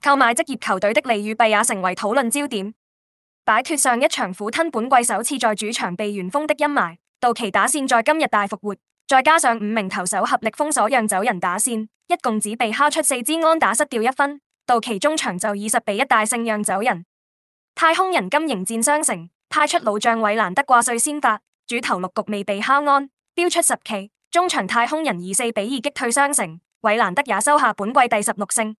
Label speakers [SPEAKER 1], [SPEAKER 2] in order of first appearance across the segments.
[SPEAKER 1] 購買職業球隊的利與弊也成為討論焦點。擺脫上一場苦吞本季首次在主場被完封的陰霾，道奇打線在今日大復活，再加上五名投手合力封鎖讓走人打線，一共只被敲出四支安打失掉一分。道奇中場就二十比一大勝讓走人。太空人今迎戰雙城，派出老將韋蘭德掛帥先發，主投六局未被敲安，飆出十期，中場太空人以四比二擊退雙城，韋蘭德也收下本季第十六勝。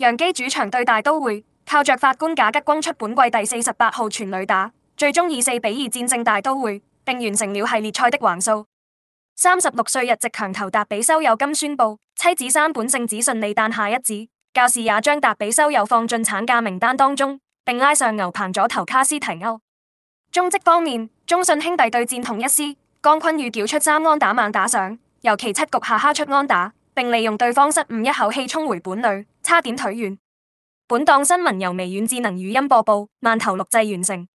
[SPEAKER 1] 楊基主場對大都會，靠着法官賈吉轟出本季第四十八號全壘打，最終以四比二戰勝大都會，並完成了系列賽的橫掃。三十六歲日籍強投達比修有今宣布妻子三本聖子順利誕下一子，教士也將達比修有放進產假名單當中，並拉上牛棚左投卡斯提歐。中職方面，中信兄弟對戰統一獅江坤宇繳出三安打、猛打賞，尤其七局下敲出安打。並利用對方失誤一口氣衝回本壘，差點腿軟。本檔新聞由微軟智能語音播報，慢投錄製完成。